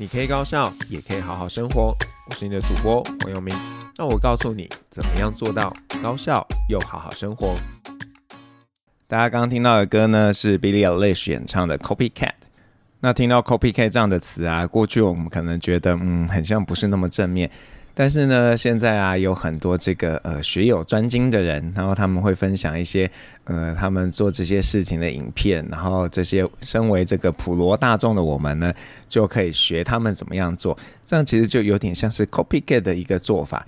你可以高效，也可以好好生活。我是你的主播黃友明，那我告訴你怎麼樣做到高效又好好生活。大家剛剛聽到的歌呢，是 Billie Eilish 演唱的《Copycat》。那聽到 “Copycat” 這樣的詞啊，過去我們可能覺得，嗯，很像不是那麼正面。但是呢，現在啊，有很多這個呃學有專精的人，然後他們會分享一些呃他們做這些事情的影片，然後這些身為這個普羅大眾的我們呢，就可以學他們怎麼樣做。這樣其實就有點像是 copycat 的一個做法。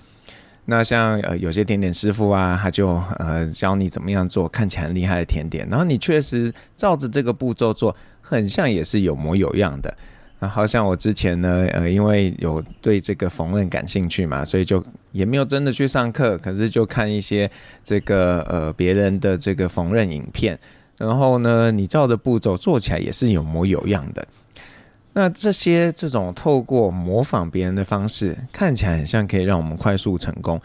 那像呃有些甜點師傅啊，他就呃教你怎麼樣做看起來很厲害的甜點，然後你確實照着這個步驟做，很像也是有模有樣的。好像我之前呢，呃，因為有對這個縫紉感興趣嘛，所以就也沒有真的去上課，可是就看一些這個呃別人的這個縫紉影片，然後呢，你照着步驟做起來也是有模有樣的。那這些這種透過模仿別人的方式，看起來很像可以讓我們快速成功。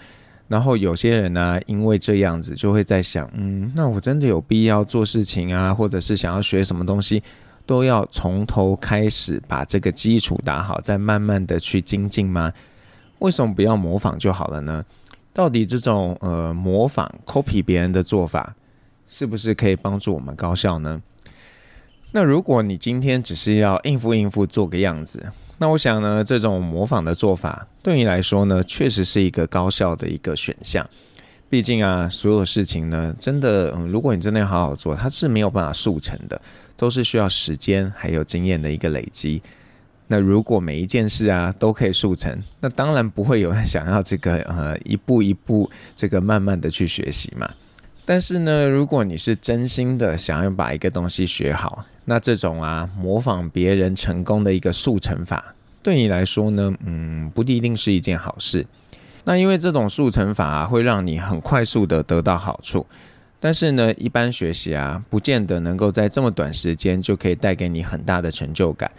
然後有些人呢啊，因為這樣子就會在想，嗯，那我真的有必要做事情啊，或者是想要學什麼東西。都要從頭開始把這個基礎打好，再慢慢的去精進嗎？為什麼不要模仿就好了呢？到底這種呃模仿 copy 別人的做法，是不是可以幫助我們高效呢？那如果你今天只是要應付應付做個樣子，那我想呢，這種模仿的做法，對你來說呢，確實是一個高效的一個選項。畢竟啊，所有事情呢，真的，嗯，如果你真的要好好做，它是沒有辦法速成的，都是需要時間還有經驗的一個累積。那如果每一件事啊都可以速成，那當然不會有人想要這個呃一步一步這個慢慢的去學習嘛。但是呢，如果你是真心的想要把一個東西學好，那這種啊模仿別人成功的一個速成法，對你來說呢，嗯，不一定是一件好事。那因為這種速成法啊，會讓你很快速的得到好處，但是呢，一般學習啊，不見得能夠在這麼短時間就可以帶給你很大的成就感。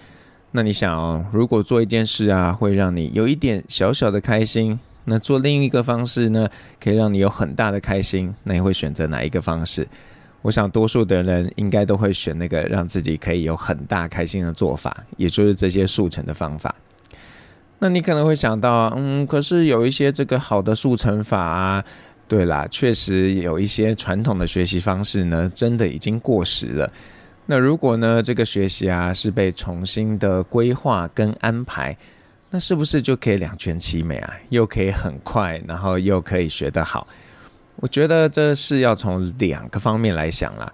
那你想哦，如果做一件事啊，會讓你有一點小小的開心，那做另一個方式呢，可以讓你有很大的開心，那你會選擇哪一個方式？我想多數的人應該都會選那個讓自己可以有很大開心的做法，也就是這些速成的方法。那你可能會想到啊，嗯，可是有一些這個好的速成法啊，對啦，確實有一些傳統的學習方式呢，真的已經過時了。那如果呢，這個學習啊是被重新的規劃跟安排，那是不是就可以兩全其美啊？又可以很快，然後又可以學得好？我覺得這是要從兩個方面來想啦。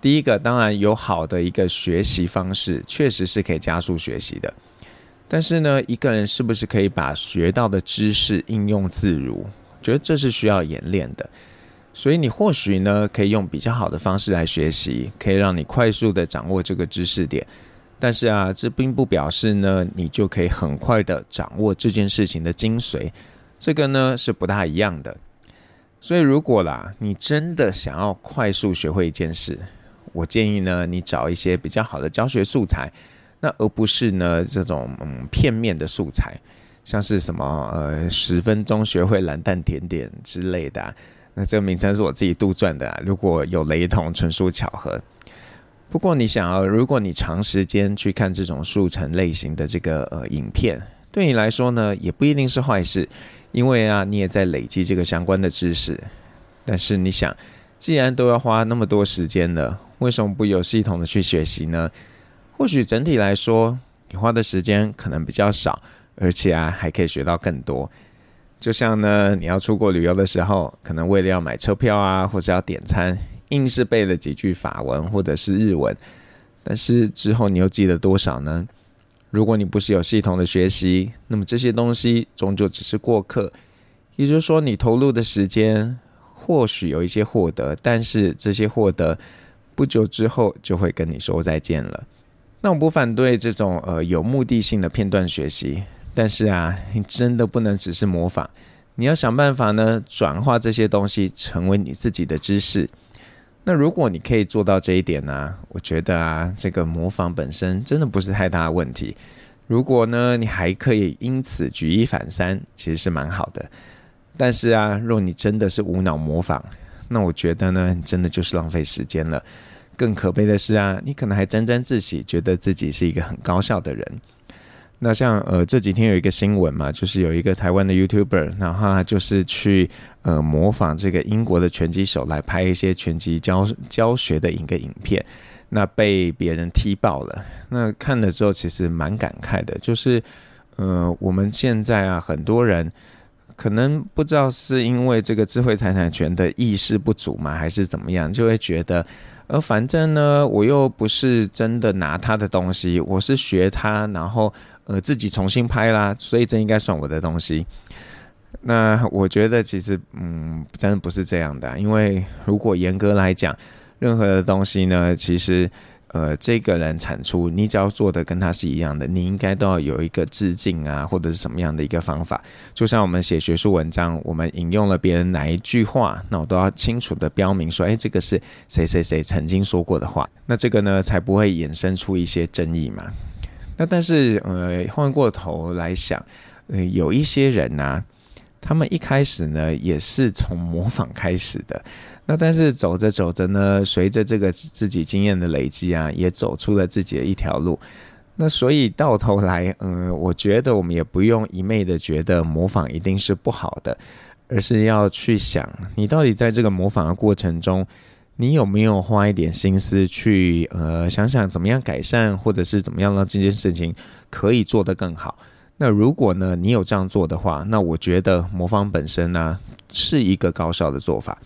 第一個，當然有好的一個學習方式，確實是可以加速學習的。但是呢，一個人是不是可以把學到的知識應用自如？覺得這是需要演練的。所以你或許呢，可以用比較好的方式來學習，可以讓你快速的掌握這個知識點。但是啊，這並不表示呢，你就可以很快的掌握這件事情的精髓。這個呢，是不大一樣的。所以如果啦，你真的想要快速學會一件事，我建議呢，你找一些比較好的教學素材。那而不是呢，這種嗯，片面的素材，像是什麼呃，十分鐘學會藍蛋甜點之類的啊,那這個名稱是我自己杜撰的啊，如果有雷同純屬巧合。不過你想啊，如果你長時間去看這種速成類型的這個呃，影片，對你來說呢，也不一定是壞事，因為啊，你也在累積這個相關的知識。但是你想，既然都要花那麼多時間了，為什麼不有系統的去學習呢？或許整體來說，你花的時間可能比較少，而且啊還可以學到更多。就像呢，你要出國旅遊的時候，可能為了要買車票啊，或是要點餐，硬是背了幾句法文或者是日文，但是之後你又記得多少呢？如果你不是有系統的學習，那麼這些東西終究只是過客。也就是說，你投入的時間或許有一些獲得，但是這些獲得不久之後就會跟你說再見了。那我不反對這種呃有目的性的片段學習，但是啊，你真的不能只是模仿，你要想辦法呢轉化這些東西成為你自己的知識。那如果你可以做到這一點呢、啊，我覺得啊，這個模仿本身真的不是太大的問題。如果呢，你還可以因此舉一反三，其實是蠻好的。但是啊，若你真的是無腦模仿，那我覺得呢，你真的就是浪費時間了。更可悲的是啊，你可能還沾沾自喜，覺得自己是一個很高效的人。那像呃這幾天有一個新聞嘛，就是有一個台灣的 YouTuber，然後就是去呃模仿這個英國的拳擊手來拍一些拳擊教教學的一個影片，那被別人踢爆了。那看了之後其實蠻感慨的，就是呃我們現在啊很多人可能不知道是因為這個智慧財產權的意識不足嘛，還是怎麼樣，就會覺得。而反正呢，我又不是真的拿他的東西，我是學他，然後呃自己重新拍啦，所以這應該算我的東西。那我覺得其實，嗯，真的不是這樣的啊，因為如果嚴格來講，任何的東西呢，其實。呃，這個人產出，你只要做的跟他是一樣的，你應該都要有一個致敬啊，或者是什麼樣的一個方法。就像我們寫學術文章，我們引用了別人哪一句話，那我都要清楚地標明說，誒，這個是誰誰誰曾經說過的話，那這個呢才不會衍生出一些爭議嘛。那但是，呃，換過頭來想，呃，有一些人呢、啊。他們一開始呢，也是從模仿開始的，那但是走着走着呢，隨着這個自己經驗的累積啊，也走出了自己的一條路。那所以到頭來，嗯、呃，我覺得我們也不用一味的覺得模仿一定是不好的，而是要去想，你到底在這個模仿的過程中，你有沒有花一點心思去，呃，想想怎麼樣改善，或者是怎麼樣讓這件事情可以做得更好。那如果呢，你有這樣做的話，那我覺得模仿本身呢、啊、是一個高效的做法。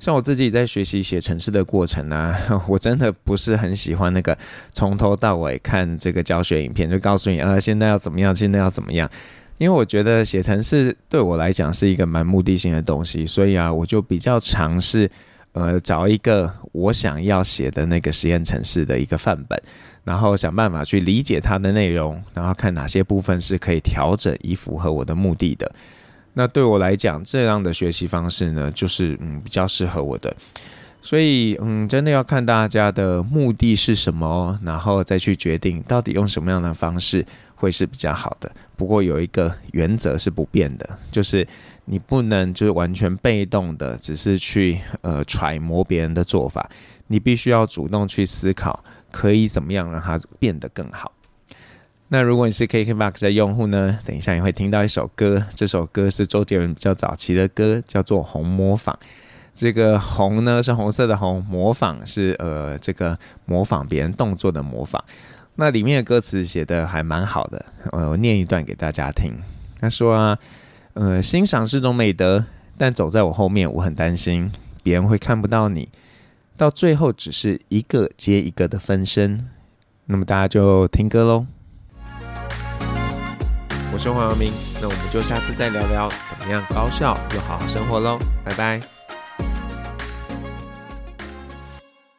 像我自己在學習寫程式的過程呢、啊，我真的不是很喜歡那個從頭到尾看這個教學影片，就告訴你啊、呃，現在要怎麼樣，現在要怎麼樣。因為我覺得寫程式對我來講是一個蠻目的性的東西，所以啊，我就比較嘗試呃找一個我想要寫的那個實驗程式的一個範本。然後想辦法去理解它的內容，然後看哪些部分是可以調整以符合我的目的的。那對我來講，這樣的學習方式呢，就是嗯比較適合我的。所以嗯，真的要看大家的目的是什麼，然後再去決定到底用什麼樣的方式會是比較好的。不過有一個原則是不變的，就是你不能就是完全被動的，只是去呃揣摩別人的做法，你必須要主動去思考。可以怎麼樣讓它變得更好？那如果你是 KKBOX 的用戶呢？等一下你會聽到一首歌，這首歌是周杰倫比較早期的歌，叫做《紅模仿》。這個紅呢「紅」呢是紅色的「紅」，模仿是呃這個模仿別人動作的模仿。那裡面的歌詞寫得還蠻好的，呃，我念一段給大家聽。他說啊，呃，欣賞是種美德，但走在我後面，我很擔心別人會看不到你。到最後，只是一個接一個的分身，那麼大家就聽歌嘍。我是黃耀明，那我們就下次再聊聊怎麼樣高效又好好生活嘍，拜拜。